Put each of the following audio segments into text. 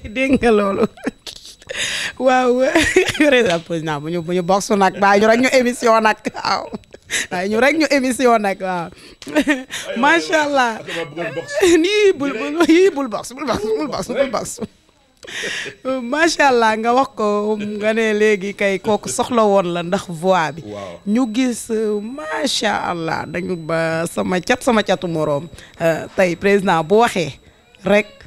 dégg nga loolu waaw président bu ñu bu ñu box nag waaw ñu rek ñu émission nag waaw waaw ñu rek ñu émission nag macha allah nii bul bul bul box bul box bul macha allah nga wax ko nga ne léegi kay kooku soxla woon la ndax voix bi. ñu gis macha allah dañu ba sama cat sama catu moroom euh, tey président bu waxee rek.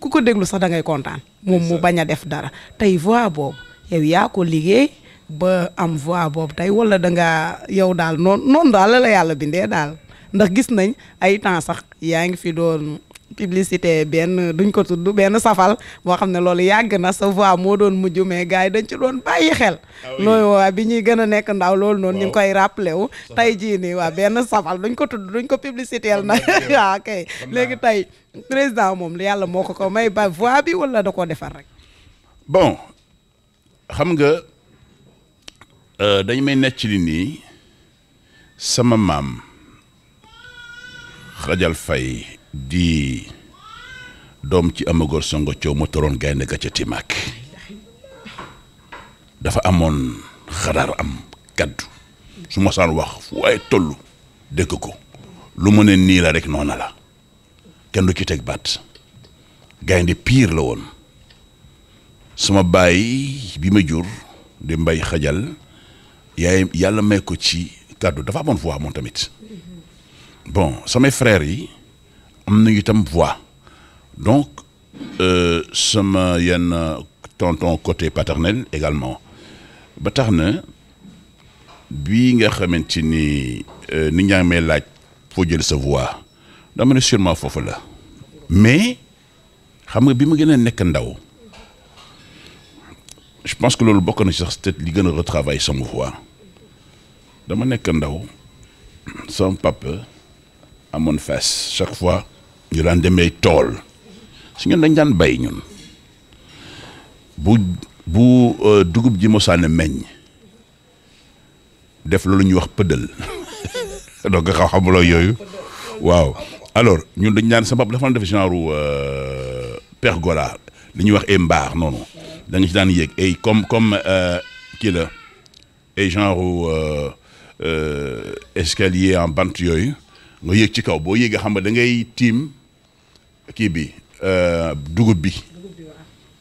ku ko déglu sax da ngay kontaan moom mu bañ a def dara tey voix boobu yow yaa ko liggéey ba am voix boobu tey wala da nga yow daal noonu noonu daal la yàlla bindee daal ndax gis nañ ay temps sax yaa ngi fi doon publicité benn duñ ko tudd benn safal boo xam ne loolu yàgg na sa voix moo doon mujj mais gars yi dañ ci doon bàyyi xel ah nooyu waa bi ñuy gën a nekk ndaw loolu noonu ñu ngi koy rappelé wu tey jii nii waa benn safal duñ ko tudd duñ ko publicité na waaw ah, kay léegi tey président moom yàlla moo ko ko may ba voix bi wala da koo defar rek bon xam nga euh, dañ may ci li nii sama maam xajal fay di doom ci amagor songo coow ma toroon gaynde ga ca dafa amoon xadaar am kaddu su ma wax fu waaye tollu de ko lu mu ne nii la rek noona la kenn du ci teg baat gaynde piir la woon sama baay bi ma jur di mbay xajal yaay yàlla may ko ci kàddu dafa amoon voix moom tamit bon samay frères yi am nañu itam voix donc euh, sama yenn tonton côté paternel également ba tax na bii nga xamante ni euh, nit ñaa may laaj foo jël sa voix dama ne sûrement foofu la mais xam nga bi ma gën a nekk ndaw je pense que loolu bokk na ci sax gën a retravailler sama voix dama nekk ndaw amoon fees chaque fois ñu daan demee tool su ñun dañ daan bay ñun bu bu euh, dugub ji mosaane meññ def loolu ñuy wax pëddal donc xaw xamuloo yooyu waaw alors ñun dañ daan sa bopp dafa def genre euh, pergola li ñuy wax ay mbaax noonu da nga daan yéeg ay comme comme euh, kii la ay genre escalier en bant yooyu nga yéeg ci kaw boo yéegee xam nga da tiim kii bi euh, dugub bi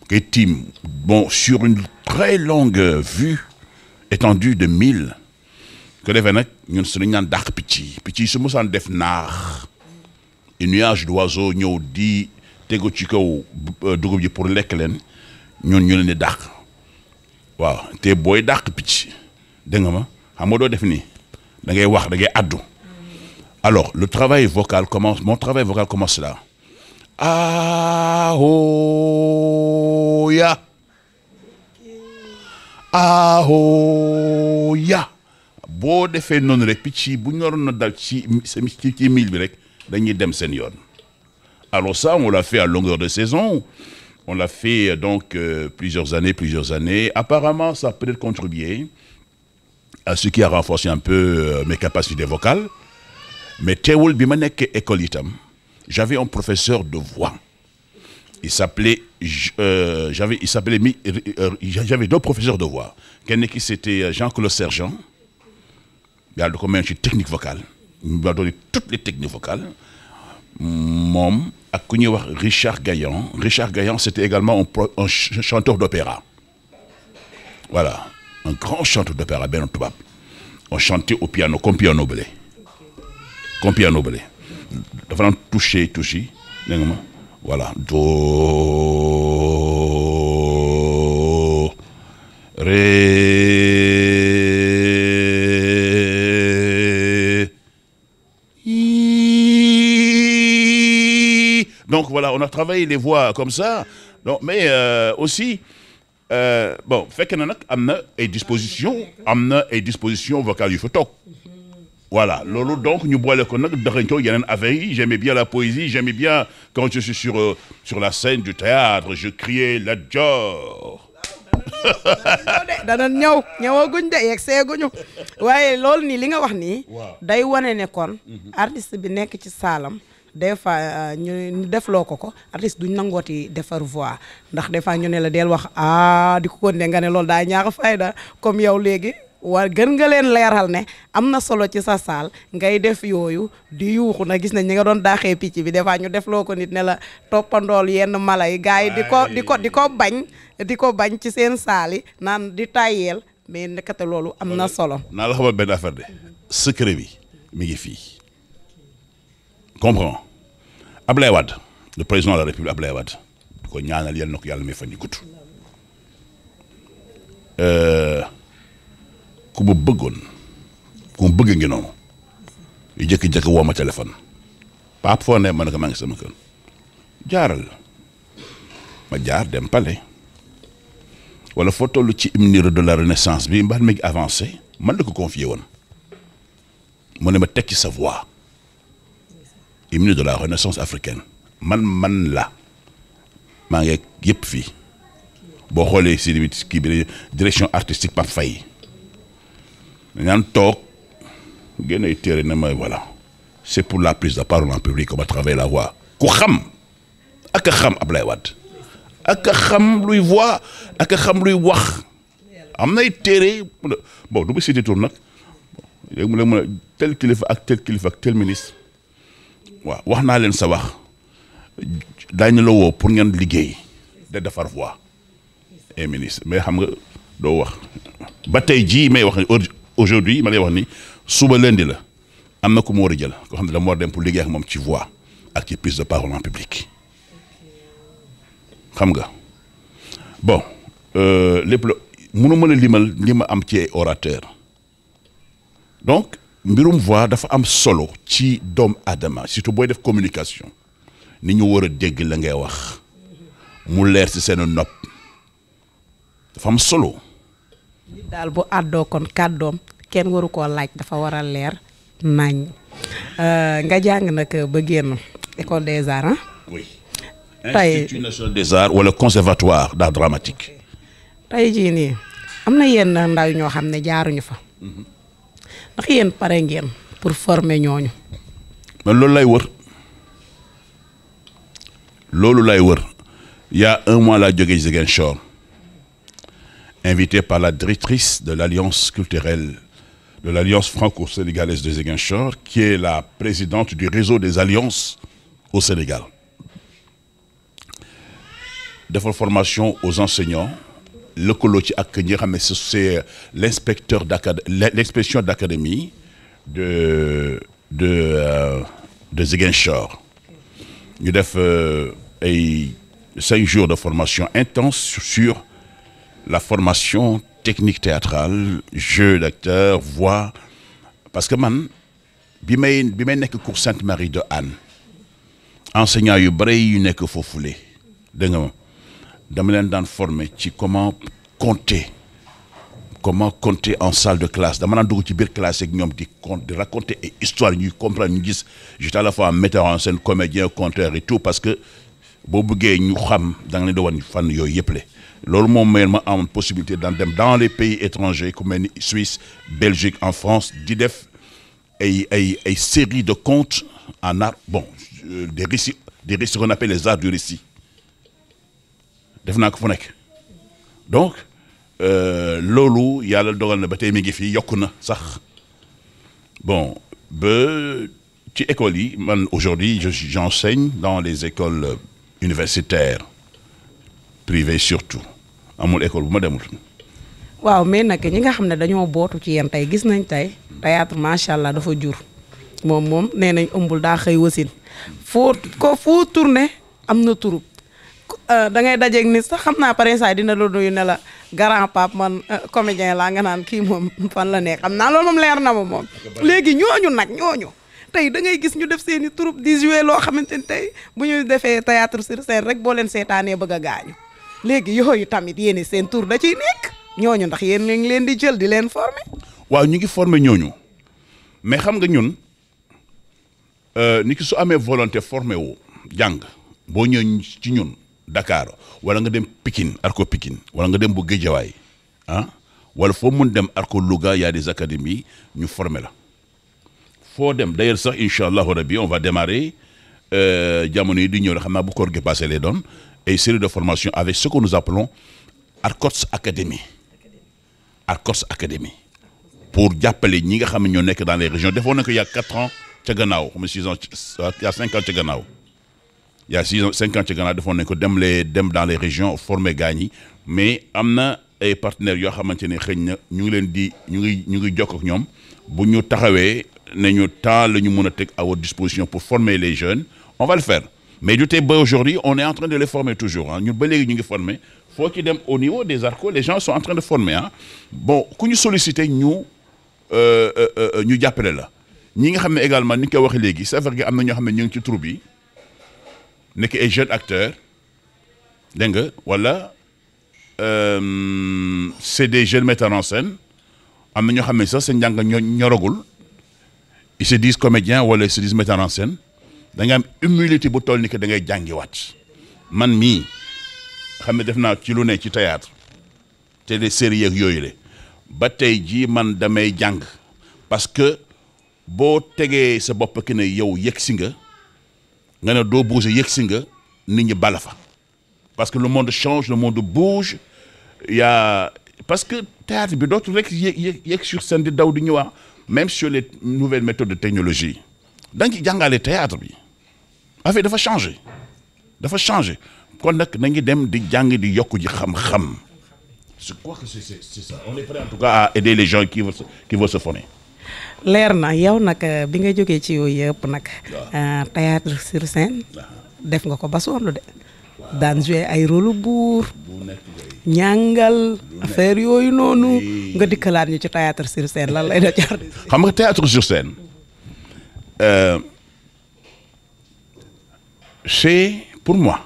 ngay tiim bon sur une très longue vue étendue de mille ko defee nag ñun su nañ naan dàq picc yi picc yi su mosaan def naax nuage d'oiseaux ñëw di tegu ci kaw euh, dugub ji pour lekk leen ñun ñu leen di dàq waaw te booy dàq picc dégg nga ma xam nga doo def nii da ngay wax da ngay addu Alors, le travail vocal commence, mon travail vocal commence là. Ah, oh, ya. Ah, oh, defee noonu rek picc yi bu ñu waroon a dal ci ci ci mil bi rek dañuy dem seen yoon alors ça on l'a fait à longueur de saison on l'a fait euh, donc euh, plusieurs années plusieurs années apparemment ça peut-être contribué à ce qui a renforcé un peu euh, mes capacités vocales mais teewul bi ma nekkee école itam j'avais un professeur de voix il s'appelait euh, euh, euh, j'avais deux professeurs de voix kenn ki c'était euh, Jean-Claude Sergent yàlla da technique vocale mu la doon toutes les techniques vocales moom ak ku ñuy wax Richard Gaillan Richard Gaillan c'était également un, pro, un chanteur d'opéra voilà un grand chanteur d'opéra benn tubaab on chantait au piano comme piano blé comme piano bële dafa naan touché touche yi dégg nga ma voilà do ré i donc voilà on a travaillé les voix comme ça donc mais euh, aussi euh, bon fekk na nag am na ay dispositions am na ay dispositions vocales yu fa toog voilà loolu donc ñu boole ko nag daxañ ko yeneen affaire yi j'aimais bien la poésie j'aimais bien quand je suis sur euh, la scène du théâtre je criais la Dior danan ñëw ñëwaguñ de yeeg seeguñu waaye loolu nii li nga wax nii day wane ne kon mhm. artiste bi nekk ci saalam des fois euh, ñu defloo ko ko artiste duñ nangooti defar voix ndax des fois ñu ne la del wax ah di ko kon nga ne loolu daa ñaax fayda comme yow léegi war gën nga leen leeral ne am na solo ci sa saal ngay def yooyu di yuuxu na gis nañ ñi nga doon daaxee picc bi des ñu def loo ko nit ne la toppandool yenn mala yi gaa yi di ko di ko di ko bañ di ko bañ ci seen saal yi naan di tàyyeel mais nekkate loolu am na solo naa la xamal benn affaire de secret bi mi ngi fii comprends Ablaye Wade le président de la République Ablaye Wade di ko ñaanal yal na ko yàlla may fan yi gudd euh, ku ma bëgg ngi noonu yu jëkki-jëkki woo ma téléphone paap foo ne ma ne sama kër jaaral ma jaar dem palais wala foo toll ci hymne de la renaissance bi mbaat mi ngi avancé man la ko confié woon mu ne ma teg ci sa voix de la renaissance africaine man man la maa ngi yëpp fii boo xoolee si kii bi direction artistique Pape Faye dañaan toog génn ay téere ne mooy voilà c'est pour la prise de parole en public qu'on va travailler la voix ku xam ak a xam Ablaye Wade ak a xam luy voix ak a luy wax am nay téere bon du ma cité tur nag léegi mu tel kilifa ak tel kilifa ak tel ministre waaw wax naa leen sa wax daañu la woo pour ngeen liggéey da defar voix et eh, ministre mais xam nga doo wax ba jii may wax aujourd'hui ma lay wax ni suba leen di la am na ku mu war a jël koo xam ne dama war dem pour liggéey ak moom ci voix ak ci prise de parole public xam nga bon euh, lépp la mënu mën a limal li ma am ci orateur donc mbirum voix dafa am solo ci doom aadama surtout booy def communication ni ñu war a dégg la ngay wax mu leer si seen nopp dafa solo daal bu àddoo kon kàddoom kenn waru koo laaj dafa war a leer nañ euh, nga jàng nag ba génn école des arts oui institut des arts wala conservatoire d'art dramatique tey jii nii am na yenn ndaw ñoo xam ne jaaruñu fa mhm. ndax yéen pare ngeen pour former ñooñu man loolu lay wër loolu lay wër y un mois laa jógee Ziguinchor invité par la directrice de l'Alliance culturelle de l'Alliance franco-sénégalaise de Ziguinchor, qui est la présidente du réseau des alliances au Sénégal. defal formation aux enseignants lëkkaloo ci ak ñi xam ne c'est l'inspecteur d'académie l'inspection d'académie de de euh, de Ziguinchor ñu def euh, ay cinq jours de formation intense sur la formation technique théâtrale jeu d'acteur voix parce que man bi may bi may nekk cours Sainte-Marie de Anne enseignant yu bëri yu nekk foofule dégg nga dama leen daan former ci comment compter comment compter en salle de classe dama naan dugg ci biir classe ak ñoom di compte di raconter et histoire ñuy comprendre ñu gis j'étais à la fois metteur en scène comédien conteur et tout parce que boo bëggee ñu xam da nga leen di wan fànn yooyu yëpp loolu moom meen ma am possibilité daan dem dans les pays étrangers ku mel ni Suisse Belgique en France di def ay ay ay série de contes en art bon euh, des récits des récits qu'on les arts def naa ko fu nekk donc euh, loolu yàlla dogal na ba tey mi ngi fii yokku na sax bon ba ci écoles yi man aujourd'hui j'enseigne dans les écoles universitaires privé surtout amul école bu ma demul. waaw mais nag ñi nga xam ne dañoo bootu ci yéen tey gis nañ tey théâtre macha allah dafa jur moom moom nee nañ ëmbul daa xëy wasin foo ko foo tourné am na turub euh, da ngay dajeeg nit sax xam naa pare saa dina la nuyu ne la grand pape man euh, comédien laa nga naan kii moom fan la nekk xam naa loolu moom leer na ma moom. léegi ñooñu nag ñooñu. tey da ngay gis ñu def seen i troupe di jouer loo xamante ni tey bu ñu defee théâtre sur scène rek boo leen seetaanee bëgg gaañu. léegi yooyu tamit yéen seen tur da ciy nekk ñooñu ndax yéen ñu ngi leen di jël di leen former. waaw ñu ngi former ñooñu mais xam nga ñun euh, nit ki su amee volonte former wu jàng boo ñëwee ci ñun Dakar wala nga dem Pikine Arco Pikine wala nga dem bu Guédiawaye ah wala foo mun dem Arco Louga y a des académies ñu former la foo dem da d'ailleurs sax incha allahu rabi on va démarrer euh, jamono yi di ñëw la xam naa bu koor gi passé lay doon. et une série de formations avec ce que nous appelons Arcots Academy Arcots Academy pour jàppale ñi nga xam ne ñoo nekk dans les régions defoon nañu ko il y a quatre ans ca gannaaw ya nga six ans il y a cinq six ans cinq ans ca gannaaw defoon nañu ko dem les dem dans les régions former gars ñi mais am na ay partenaires yoo xamante ne xëy na ñu ngi leen di ñu ngi ñu ngi jokk ak ñoom bu ñu taxawee ne ñu temps la ñu mën a teg à votre disposition pour former les jeunes on va mais du tee ba aujourd'hui on est en train de les former toujours ah ñun ba léegi ñu ngi former foo ci dem au niveau des ARCO les gens sont en train de former ah bon ku ñu solliciter ñu euh, euh, euh, ñu jàppale la ñi nga xam ne également ni ñu koy waxee léegi c'est vrai que am na ñoo xam ne ñu ngi ci troupe bi nekk ay jeune acteurs dégg nga wala c'est des jeunes metteurs en scène am na ñoo xam ne sax seen njàng ñoragul ils se disent wala ils se disent en scène. da nga am humilité bu toll ni que da ngay jàngiwaat man mii xam ne def naa ci lu ne ci théâtre te de série yeeg yooyu le ba tey jii man damay jàng parce que boo tegee sa bopp ki ne yow yëg si nga nga ne doo bouger yëg si nga nit ñi bala fa parce que le monde change le monde bouge y a parce que théâtre bi dootul rek yëg yëg sur seen di daw di ñëwaat même sur les nouvelles méthodes de technologie da nga ci jàngale théâtre bi affaire dafa changé dafa changé kon nag na ngi dem di jàng di yokk ji xam-xam je crois que tout cas à aider les gens leer na yow nag euh, bi nga jógee ci yooyu yëpp nag euh, théâtre sur scène def nga ko ba sonn de daan joué ay rôle buur ñàngal affaire yooyu noonu nga dikkalaat ñu ci théâtre sur scène lan lay da jar xam nga théâtre sur scène euh, c'est pour moi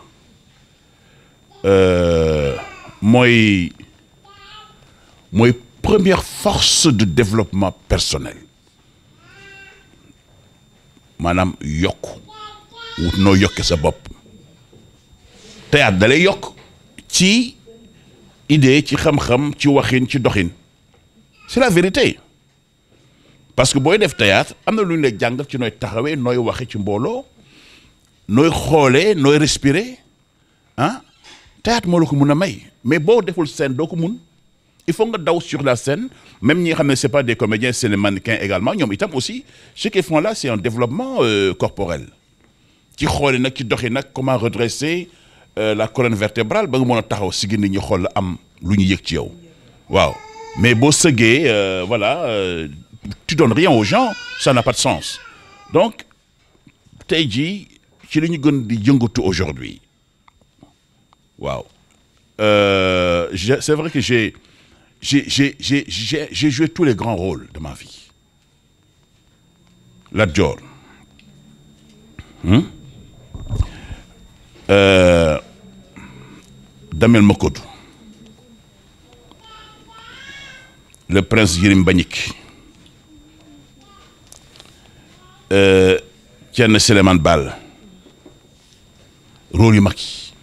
euh, mooy mooy première force de développement personnel maanaam yokk wut noo yokke sa bopp te da lay yokk ci idée ci xam-xam ci waxin ci doxin c'est la vérité parce que booy def théâtre am na lu ñu lay jàngal ci nooy taxawee nooy waxe ci mbooloo nooy xoolee nooy respirer ah théâtre moo la ko mun a may mais boo deful seen doo ko mun il faut nga daw sur la scène même ñi nga xam ne c'est pas des comédiens c'est les mannequins également ñoom itam aussi ce qu'ils font là c'est un développement euh, corporel ci xoolee nag ci doxi nag comment redresser euh, la colonne vertébrale ba nga mën a taxaw si gën ñu xool la am lu ñu yëg ci yow waaw euh, voilà. Euh, tu donnes rien aux gens ça n'a pas de sens donc tey jii ci li ñu gën di yëngatu aujourd'hui waaw euh, c'est vrai que j'ai j'ai j'ai j'ai j'ai tous les grands rôles de ma vie Lat Dior hmm? euh, Damel le prince Yérim Mbagnick Euh, Thierno Souleymane Baal rôle yu mag yi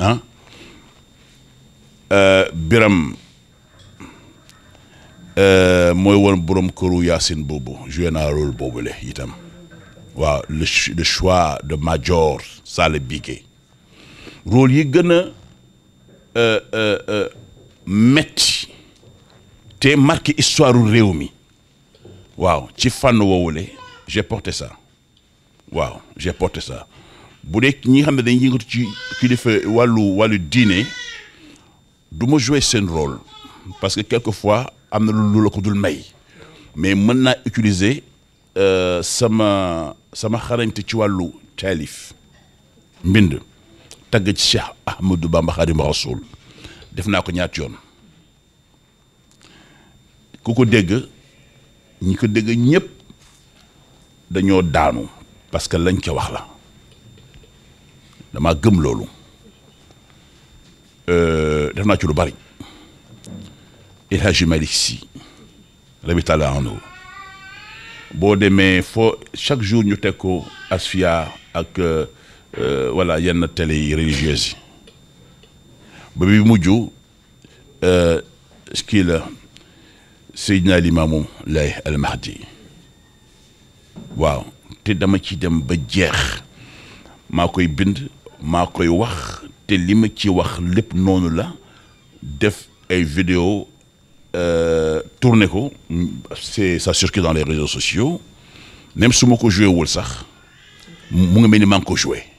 ah euh, Biram euh, mooy wan borom këru Yacine boobu joué naa rôle boobu le itam waaw le le choix de Major Sale Bigué rôle yi gën a metti te marqué histoire réew mi waaw ci fànn woowule j'ai porté sa waaw j'ai porté ça bu dee ñi nga xam ne dañuy yëngatu ci kilifa wàllu wàllu diine du ma jouer seen rôle parce que fois am na lu la ko dul may mais mën naa utiliser euh, sama sama xarañte ci wàllu taalif mbind tagg ci Cheikh Ahmadou Bamba Xaadimu Rasuul def naa ko ñaat yoon ku ko dégg ñi ko dégg ñëpp dañoo daanu parce que lañ ca wax la dama gëm loolu euh, def naa ci lu bari El Hadji Malick Sy rabitala anhu boo demee foo chaque jour ñu teg ko asfia ak walla euh, euh, yenn télé yi religieuse ba bi mujj kii la Seydina Limaamu Laay al waaw te dama ci dem ba jeex maa koy bind maa koy wax te li ma ci wax lépp noonu la def ay vidéo euh, tourné ko c'est ça circule dans les réseaux sociaux même su ma ko joué wul sax mu nga mel ni maa ngi ko joué